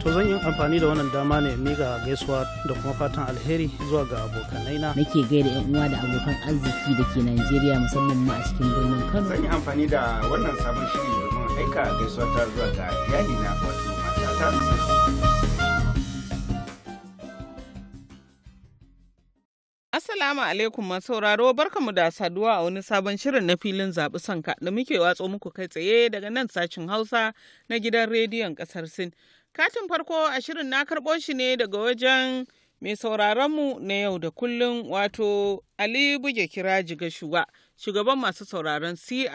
to zan yi amfani da wannan dama ne mi ga gaisuwa da kuma fatan alheri zuwa ga abokanai na nake gaida yan uwa da abokan arziki da ke Najeriya musamman ma a cikin birnin Kano zan yi amfani da wannan sabon shiri domin aika gaisuwa ta zuwa ga iyali na wato Assalamu alaikum masauraro sauraro barkamu da saduwa a wani sabon shirin na filin zaɓi sanka da muke watso muku kai tsaye daga nan sashin Hausa na gidan rediyon ƙasar Sin. Katin farko a shirin na karɓo shi ne daga wajen mai sauraronmu na yau da kullun, wato Ali Buge Kiraji Gashuwa, shugaban masu sauraron CRI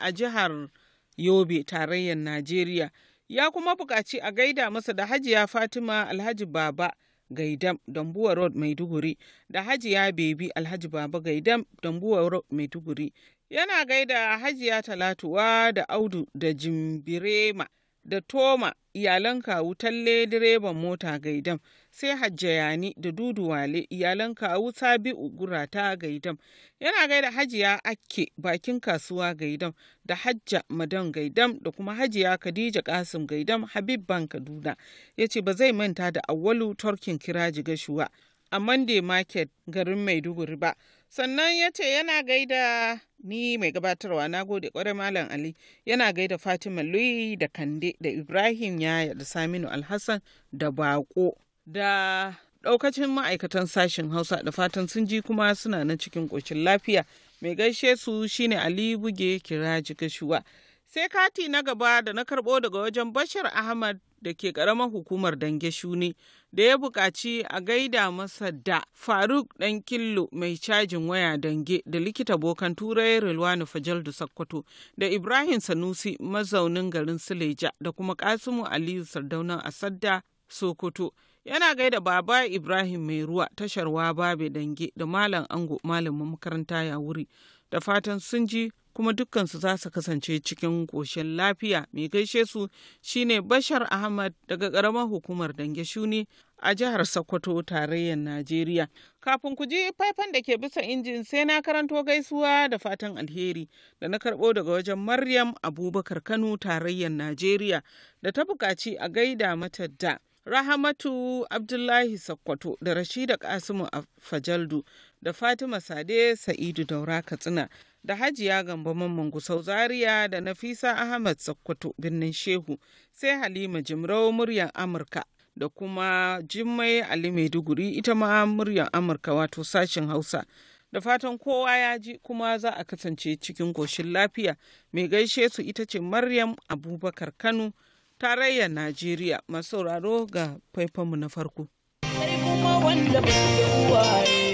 a jihar Yobe, tarayyar Najeriya. Ya kuma buƙaci a gaida masa da Hajiya Fatima Alhaji Baba Gaidam Dambuwa Road Maiduguri da Hajiya Bebi Alhaji Baba Gaidam Dambuwa Road Maiduguri. Yana gaida Hajiya Talatuwa da Audu da Jimbirema da Toma iyalan kawu talle direban mota gaidam sai hajjayani da dudu wale iyalan kawu sabi'u gurata gaidam yana gaida hajiya ake bakin kasuwa gaidam da hajja madan gaidam da kuma hajiya khadija kasim gaidam habib ban kaduna ya ce ba zai manta da awwalu turkin kiraji gashuwa a monday market garin maiduguri ba sannan ya ce yana gaida ni mai gabatarwa na gode kwarai malam ali yana gaida fatima lui da kande da ibrahim yaya da saminu alhassan da bako da daukacin ma'aikatan sashen hausa da fatan sun ji kuma suna nan cikin ƙoshin lafiya mai gaishe su shine ali buge kiraji gashuwa Sai kati na gaba da na karɓo daga wajen Bashar Ahmad da ke karamar hukumar Dange Shuni da ya buƙaci a gaida masa da Faruk ɗan killo mai cajin waya Dange da likita bokan turai Rilwani da Sakkwato da Ibrahim Sanusi mazaunin garin Suleja da kuma Kasimu Aliyu Sardaunan Asadda Sokoto. yana gaida baba ibrahim mai ruwa tashar babe dange da malam ango malamin makaranta ya wuri da fatan sun ji kuma dukkansu za su kasance cikin koshin lafiya mai gaishe su shine bashar ahmad daga ƙaramar hukumar dange shuni a jihar sokoto tarayyar najeriya kafin ku ji faifan da ke bisa injin sai na karanto gaisuwa da fatan alheri da na karɓo daga wajen maryam abubakar kano tarayyar najeriya da ta buƙaci a gaida mata da Rahamatu Abdullahi Sakkwato da Rashida Kasimu Fajaldu da Fatima Sade Sa'idu Daura Katsina da Hajiya Gambo Mamman Gusau Zaria da Nafisa Ahmad Sakkwato birnin Shehu sai Halima Jimrau muryar Amurka da kuma Jummai Ali Maiduguri ita ma muryar Amurka wato sashen Hausa. Da fatan kowa ya ji kuma za a kasance cikin goshin lafiya mai gaishe su ita ce Maryam Abubakar Kano tarayyar Najeriya masu sauraro ga faifanmu na farko. Sai kuma wanda ba su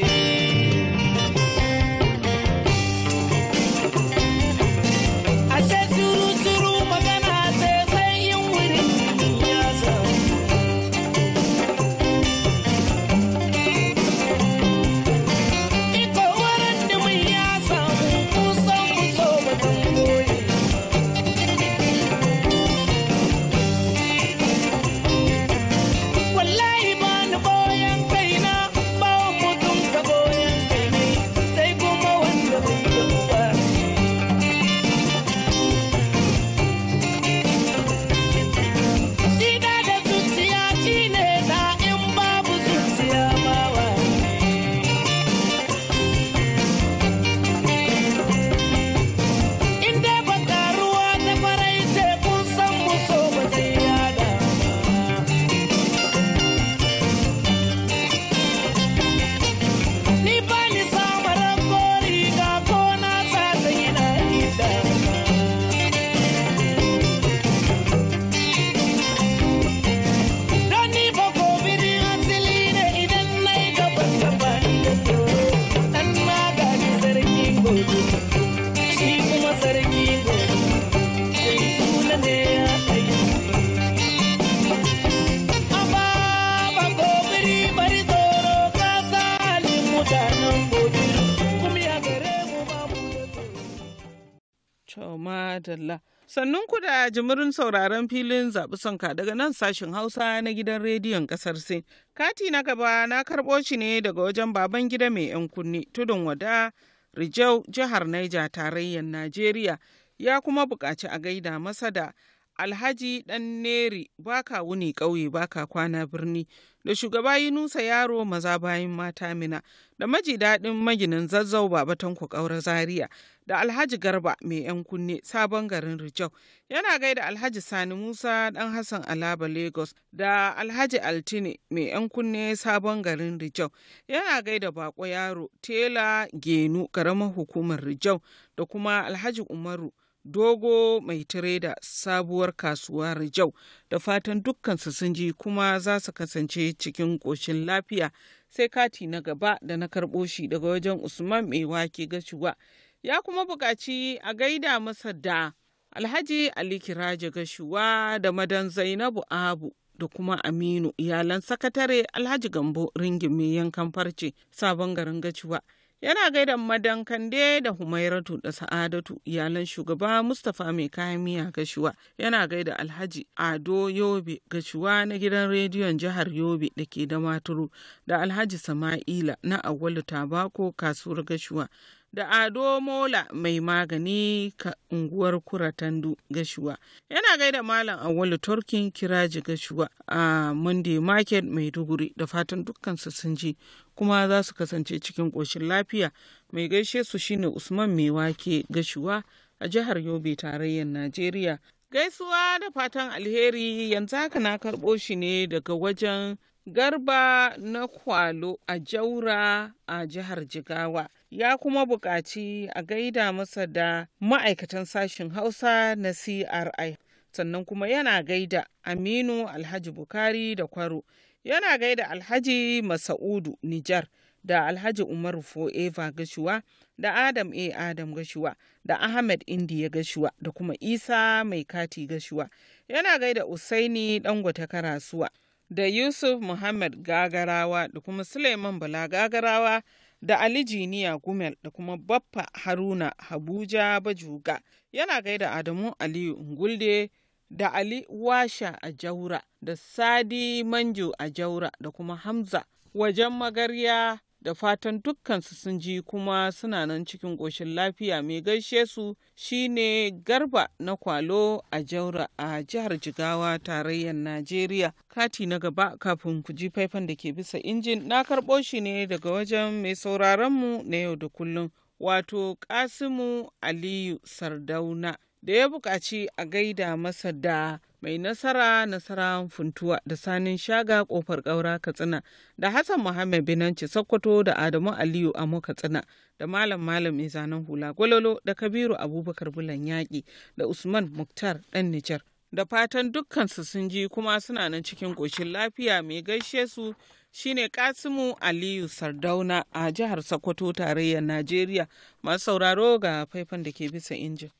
ku da jimurin sauraron filin zaɓi sonka daga nan sashen Hausa na gidan rediyon ƙasar Sin. Kati na gaba na karɓo shi ne daga wajen baban gida mai 'yan kunni tudun wada Rijau jihar Naija tarayyar Najeriya ya kuma buƙaci a gaida masa da Alhaji ɗan Neri baka wuni ƙauye baka kwana birni da shugaba Yunusa yaro maza bayan mata mina da maji daɗin maginin zazzau baba tanko ƙaura zaria da Alhaji Garba mai 'yan kunne sabon garin Rijau yana gaida Alhaji Sani Musa dan Hassan Alaba Lagos da Alhaji Altine mai 'yan kunne sabon garin Rijau yana gaida Bako Yaro Tela Genu karamar hukumar Rijau da kuma Alhaji Umaru Dogo mai da sabuwar kasuwa Rijau da fatan dukkansu sun ji kuma za su kasance cikin ƙoshin lafiya sai kati na gaba da na karɓo shi daga wajen Usman mai wake gashuwa. ya kuma buƙaci a gaida masa da alhaji ali kiraje gashuwa da madan zainabu abu da kuma aminu iyalan sakatare alhaji gambo ringin mai yankan farce sabon garin gashuwa yana gaida madan kande da humairatu da sa'adatu iyalan shugaba mustapha mai kayan miya gashuwa yana gaida alhaji ado yobe gashuwa na gidan rediyon jihar yobe da ke da maturu da alhaji sama'ila na awwalu tabako kasuwar gashuwa da Ado Mola mai magani ka unguwar Kuratandu Gashuwa. Yana gaida Malam Awolu Turkin Kiraji Gashuwa a Monday Market Maiduguri da fatan dukkansu sun ji kuma za su kasance cikin ƙoshin lafiya. Mai gaishe su shine Usman Mai wake Gashuwa a jihar Yobe tarayyar Najeriya. Gaisuwa da fatan alheri yanzu haka na karɓo shi ne daga wajen Garba na Kwalo a Jaura a jihar Jigawa. Ya kuma buƙaci a gaida masa da ma'aikatan sashen Hausa na CRI. Sannan kuma yana gaida Aminu Alhaji Bukari da Kwaro. Yana gaida Alhaji Masa'udu Nijar da Alhaji Umaru Fo'eva Gashuwa da Adam A. Adam Gashuwa da Ahmed Indiya Gashuwa da kuma Isa Mai Kati Gashuwa. Yana gaida Usaini Dangote Karasuwa. da Yusuf Muhammad Gagarawa da kuma Suleiman Bala Gagarawa da Ali Jiniya Gumel da kuma Baffa Haruna Habuja Bajuga yana gaida Adamu Aliyu Ngulde da Ali Washa a Jaura da Sadi Manjo a Jaura da kuma Hamza wajen magarya da fatan dukkansu sun ji kuma suna nan cikin ƙoshin lafiya mai gaishe su shine garba na kwalo a jaura a jihar jigawa tarayyar najeriya kati na gaba kafin ku ji faifan da ke bisa injin na karɓo shi ne daga wajen mai sauraronmu na yau da kullum wato kasimu aliyu sardauna da ya buƙaci a gaida masa da mai nasara nasara funtuwa da sanin shaga ƙofar ƙaura katsina da hassan muhammad binanci sokoto da adamu aliyu amo katsina da malam malam mai zanen hula gwalolo da kabiru abubakar bulan yaƙi da usman muktar ɗan nijar da fatan dukkansu sun ji kuma suna nan cikin ƙoshin lafiya mai gaishe su shine kasimu aliyu sardauna a jihar sokoto tarayyar najeriya masu sauraro ga faifan da ke bisa injin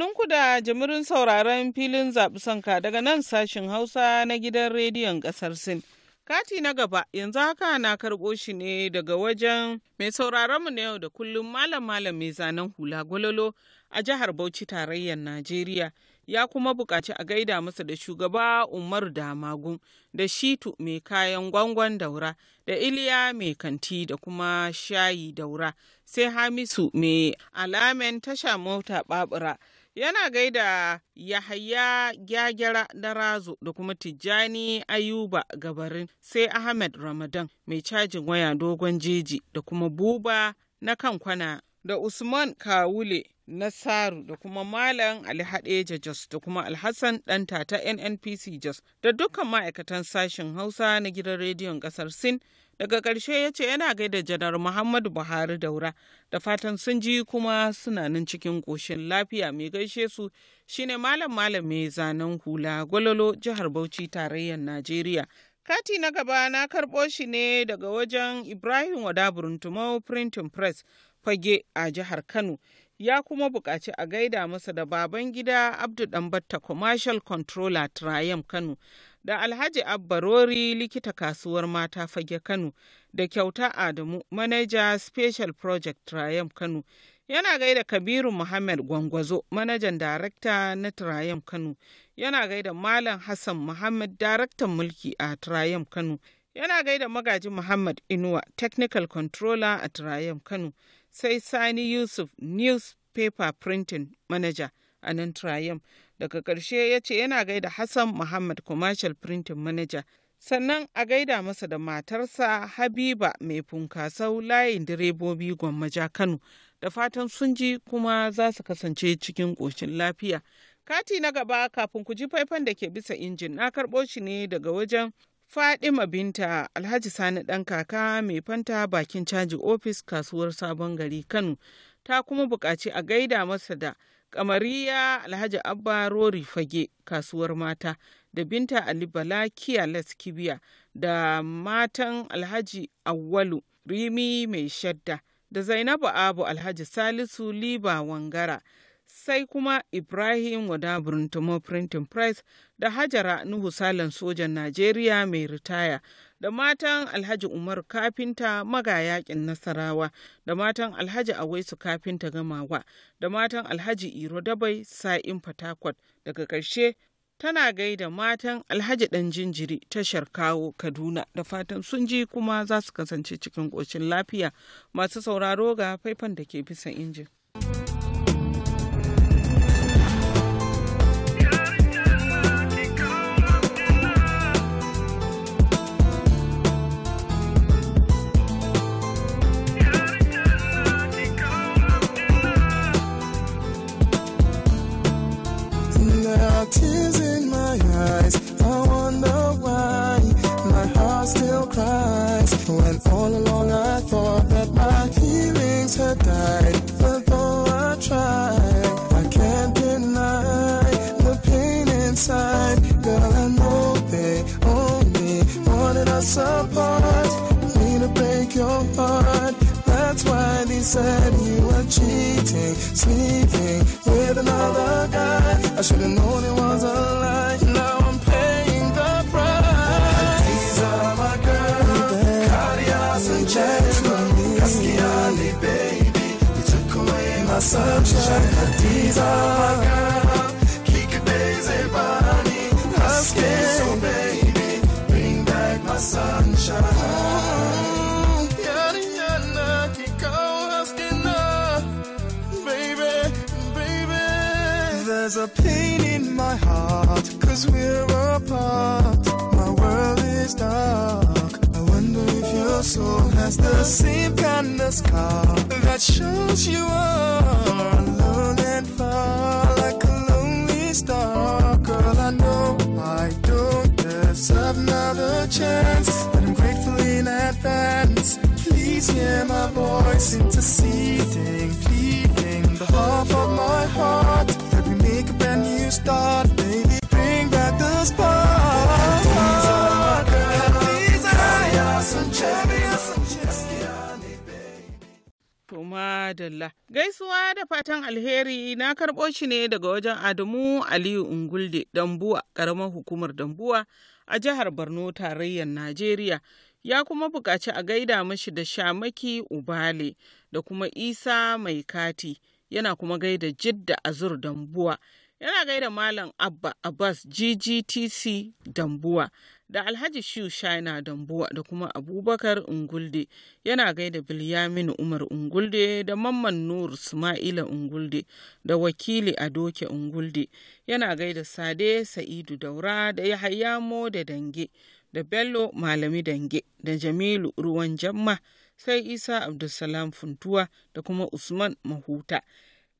Sannunku da jimirin sauraron filin zaɓi sanka daga nan sashin Hausa na gidan rediyon ƙasar Sin. Kati na gaba yanzu haka na karɓo shi ne daga wajen mai sauraron mu na yau da kullum malam malam mai zanen hula gwalolo a jihar Bauchi tarayyar Najeriya. Ya kuma buƙaci a gaida masa da shugaba Umar Damagun da Shitu mai kayan gwangon daura da Iliya mai kanti da kuma shayi daura sai Hamisu mai alamen tasha mota babura. yana gaida Yahaya Gyagyara Darazo da kuma Tijjani Ayuba Gabarin sai Ahmed Ramadan mai cajin waya dogon jeji da kuma Buba na kan kwana da Usman Kawule Nasaru da kuma Malam Ali Hadeja Jos da kuma Alhassan danta ta NNPC Jos da dukkan ma'aikatan sashen Hausa na gidan rediyon kasar Sin daga karshe ya ce yana gaida janar Muhammadu Buhari daura da fatan sun ji kuma suna nan cikin ƙoshin lafiya mai gaishe su shine Malam Malam mai zanen hula gwalolo jihar Bauchi tarayyar Najeriya. Kati na gaba na karɓo shi ne daga wajen Ibrahim Wadaburin Tumau Printing Press. fage a jihar Kano ya kuma buƙaci a gaida masa da baban gida Abdu Dambatta Commercial Controller Triam Kano da Alhaji Abbarori likita kasuwar mata fage Kano da kyauta Adamu Manager Special Project Triam Kano yana gaida Kabiru Muhammad Gwangwazo Manajan Director na Triam Kano yana gaida Malam Hassan Muhammad Director Mulki a Triam Kano yana gaida Magaji Muhammad Inuwa Technical Controller a Triam Kano sai Sani Yusuf newspaper printing manager a nan triumf Daga ƙarshe ya ce yana gaida Hassan Muhammad commercial printing manager. Sannan a gaida masa da matarsa Habiba mai funkasau layin direbobi gwammaja Kano da fatan sun ji kuma za su kasance cikin ƙoshin lafiya. Kati na gaba kafin ku ji faifan da ke bisa injin na karɓo shi ne daga wajen Fadima Binta Alhaji Sani ɗan kaka mai fanta bakin caji ofis kasuwar Sabon Gari Kano ta kuma buƙaci a gaida masa da Kamariya Alhaji Abba Rori Fage kasuwar mata da Binta Ali Bala Kiyales Kibiya da matan Alhaji Awalu Rimi mai shadda da Zainabu Abu Alhaji Salisu Liba Wangara sai kuma Ibrahim Wadaburin Tumo Printing Press da Hajara Nuhu Salan Sojan Najeriya mai ritaya da matan Alhaji Umar Kafinta Maga Yakin Nasarawa da matan Alhaji Awaisu Kafinta Gamawa da matan Alhaji Iro Dabai Sa'in Fatakwat daga karshe tana gaida matan Alhaji Ɗan Jinjiri tashar kawo Kaduna da fatan sun ji kuma za su kasance cikin ƙoshin lafiya masu sauraro ga faifan da ke bisa injin. sleeping with another guy. I should have known it was a lie. Now I'm paying the price. These are my girl, Cardias and Jasmine, Kaskiani, baby. You took away my sunshine. These are my girl. a pain in my heart, cause we're apart. My world is dark. I wonder if your soul has the same kind of scar that shows you are alone and far, like a lonely star. Girl, I know I don't deserve another chance, but I'm grateful in advance. Please hear my voice interceding, pleading the half of my heart. start, Gaisuwa da fatan alheri na karɓo shi ne daga wajen Adamu Aliyu Ungulde Dambuwa, ƙaramar hukumar Dambuwa a jihar Borno tarayyar Najeriya. Ya kuma buƙaci a gaida mashi da Shamaki Ubale da kuma Isa Mai Kati. yana kuma gaida jidda azur dambuwa yana gaida Malam Abba Abbas GGTC Dambuwa da Alhaji Shiu Shaina Dambuwa da kuma Abubakar Ungulde yana gaida Bilyamin Umar Ungulde da Mamman Nur Sumaila Ungulde da Wakili Adoke Ungulde yana gaida Sade Sa'idu Daura da Hayamo da Dange da Bello Malami Dange da Jamilu Ruwan Jamma sai Isa Abdulsalam Funtuwa da kuma Usman Mahuta.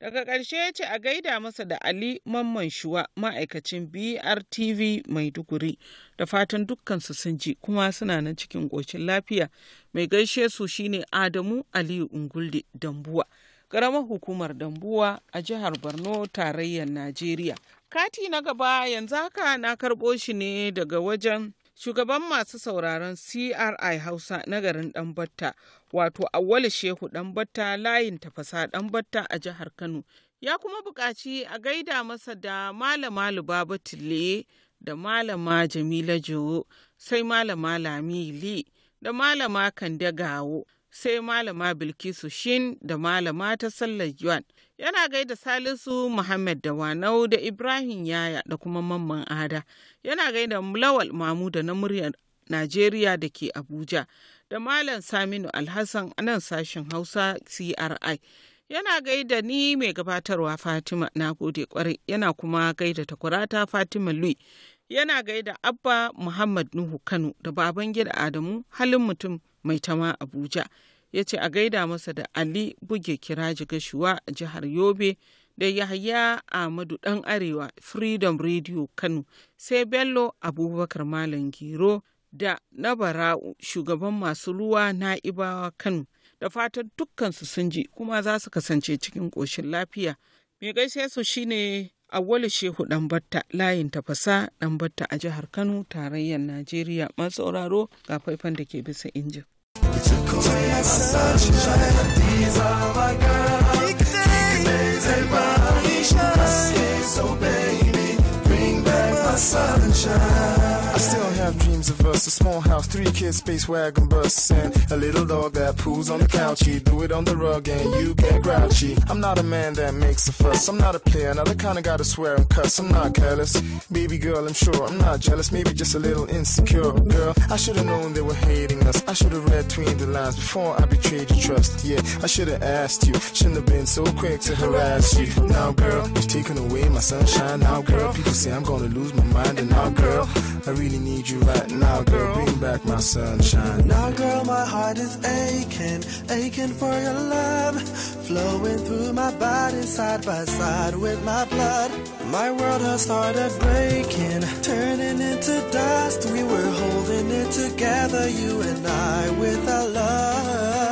Daga ƙarshe ya ce a gaida masa da Ali Mamman Shuwa ma'aikacin BRTV Maiduguri da fatan dukkansu sun ji kuma suna nan cikin ƙoshin lafiya. Mai gaishe su shine Adamu Aliyu Ungulde Dambuwa, ƙaramar hukumar Dambuwa a jihar Borno tarayyar Najeriya. Kati na gaba yanzu haka na karɓo shi ne daga wajen Shugaban masu sauraron CRI Hausa na garin Ɗanbatta, wato Auwalu Shehu Ɗanbatta layin tafasa Ɗanbatta a jihar Kano, ya kuma buƙaci a gaida masa da Malama Lubaba Tille da Malama Jamila Jowo sai Malama Lamili da Malama Kande Gawo. sai malama bilkisu shin da malama ta sallar yuan yana gaida salisu muhammad da wanau da ibrahim yaya da kuma mamman ada yana gaida lawal mamu da na muryar najeriya da ke abuja da malam saminu alhassan a nan sashen hausa cri yana gaida ni mai gabatarwa fatima na gode kwarai yana kuma gaida takwarata fatima lui yana gaida abba muhammad nuhu kano da baban gida adamu halin mutum mai tama abuja ya ce a gaida masa da ali buge kiraji gashuwa a jihar yobe da yahaya ahmadu dan arewa freedom radio kano sai bello abubakar malam giro da na shugaban masu ruwa Naibawa kano da fatan dukkansu sun ji kuma za su kasance cikin koshin lafiya mai gaishe su shine Awwalu Shehu Ɗanbatta layin tafasa Ɗanbatta a jihar Kano tarayyar Najeriya masu sauraro ga faifan da ke bisa injin. I still have dreams of verse. A small house, three kids, space wagon bus, and a little dog that poos on the couch. He do it on the rug and you get grouchy. I'm not a man that makes a fuss. I'm not a player, not the kind of guy to swear and cuss. I'm not careless. Baby girl, I'm sure I'm not jealous. Maybe just a little insecure. Girl, I should've known they were hating us. I should've read between the lines before I betrayed your trust. Yeah, I should've asked you. Shouldn't have been so quick to harass you. Now, girl, you've taken away my sunshine. Now, girl, people say I'm gonna lose my mind. And now, girl, I really need you right now. Now, girl, bring back my sunshine. Now, girl, my heart is aching, aching for your love. Flowing through my body, side by side with my blood. My world has started breaking, turning into dust. We were holding it together, you and I, with our love.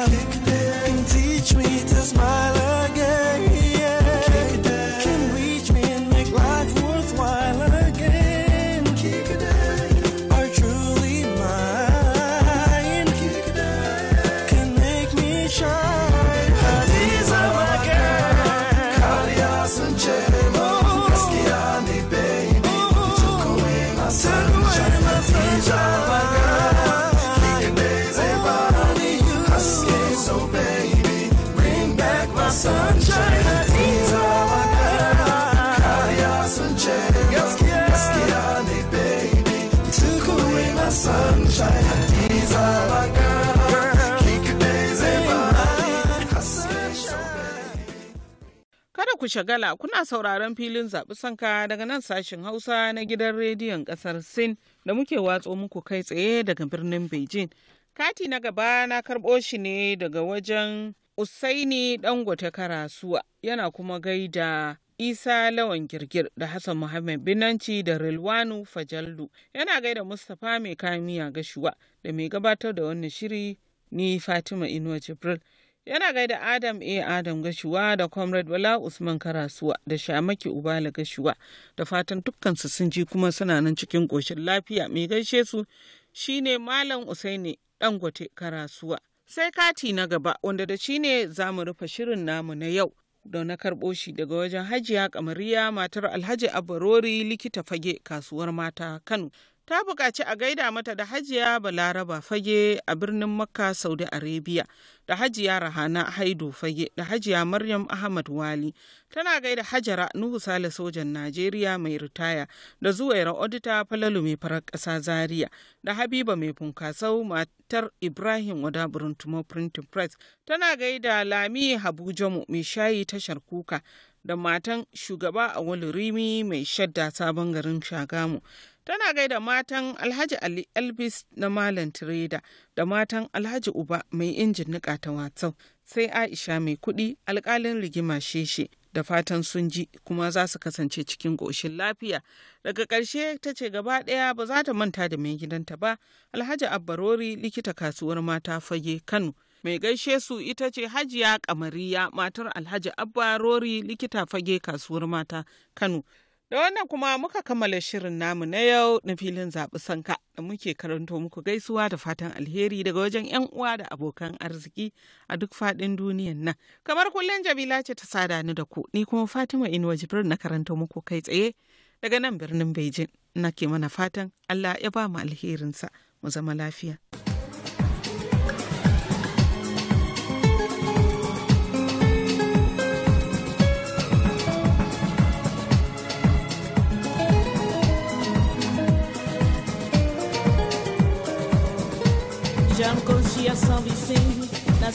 shagala kuna sauraron filin zaɓi sanka daga nan sashen Hausa na gidan rediyon ƙasar Sin da muke watso muku kai tsaye daga birnin Beijing. Kati na gaba na karɓo shi ne daga wajen Usaini Dangote Karasuwa yana kuma gaida Isa Lawan Girgir da Hassan Muhammad Binanci da Rilwanu Fajallu yana gaida Mustapha mai kayan miya gashuwa da mai gabatar da wannan shiri ni Fatima Inuwa Jibril. Yana gaida Adam A. Adam Gashuwa da Comrade Bala Usman Karasuwa da Shamaki Ubala Gashuwa da fatan dukkansu sun ji kuma suna nan cikin ƙoshin lafiya mai gaishe su shine Malam Usaini Dangote Karasuwa. Sai kati na gaba wanda da shi ne za mu rufe shirin namu na yau. da na karɓo shi daga wajen hajiya kamariya matar alhaji abarori likita fage kasuwar mata kano ta buƙaci a gaida mata da hajiya balaraba fage a birnin makka saudi arabia da hajiya rahana haidu fage da hajiya maryam ahmad wali tana gaida hajara nuhu sale sojan najeriya mai ritaya da zuwaira odita falalu mai farar ƙasa zaria da habiba mai funkasau matar ibrahim wadaburin tumo printing press tana gaida lami habu jamu mai shayi tashar kuka da matan shugaba a rimi mai shadda sabon garin shagamu tana gaida matan alhaji ali elvis na malam tireda da matan alhaji uba mai injin nika ta watsau sai aisha mai kuɗi alkalin rigima sheshe da fatan sun ji kuma za su kasance cikin ƙoshin lafiya daga ƙarshe ta ce gaba ɗaya ba za ta manta da mai gidanta ba alhaji abbarori likita kasuwar mata fage kano mai gaishe su ita ce hajiya kamariya matar alhaji abbarori likita fage kasuwar mata kano Da wannan kuma muka kammala shirin namu na yau na filin zaɓi sanka da muke karanto muku gaisuwa da fatan alheri daga wajen 'yan uwa da abokan arziki a duk faɗin duniyan nan. Kamar kullum Jamila ce ta sada ni da ku, ni kuma Fatima Inuwa Jibril na karanto muku kai tsaye daga nan birnin Beijing. ke mana fatan Allah ya ba mu alherinsa mu zama lafiya.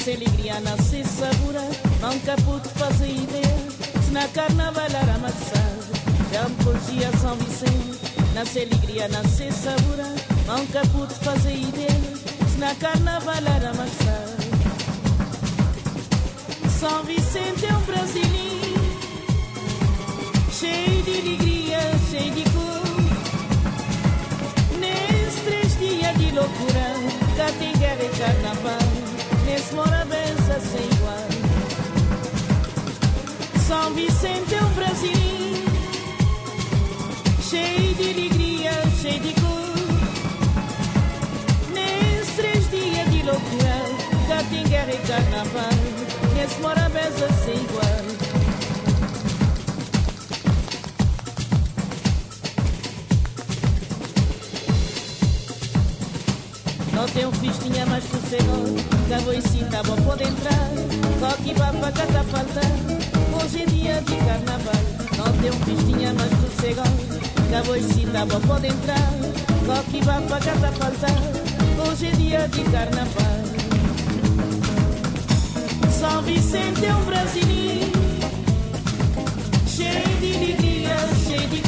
sem alegria não se sabura, não caput fazer ideia. Se na carnaval era amassado, já me curtia São Vicente. Na se alegria não se sabura, não caput fazer ideia. Se na carnaval era amassado. São Vicente é um brasileiro, cheio de alegria, cheio de cor. Nesses três dias de loucura, cá tem guerra e carnaval. Esse mora a dança sem igual São Vicente é um Brasil Cheio de alegria, cheio de cor Nesses três dias de loucura já tem guerra e carnaval Esse mora a dança sem igual sossego, caboicita, vou pode entrar. Só que babaca tá faltando, hoje é dia de carnaval. Não tem um festinha, mas sossego, caboicita, vou pode entrar. Só que babaca tá faltando, hoje é dia de carnaval. São Vicente é um brasileiro, cheio de alegria, cheio de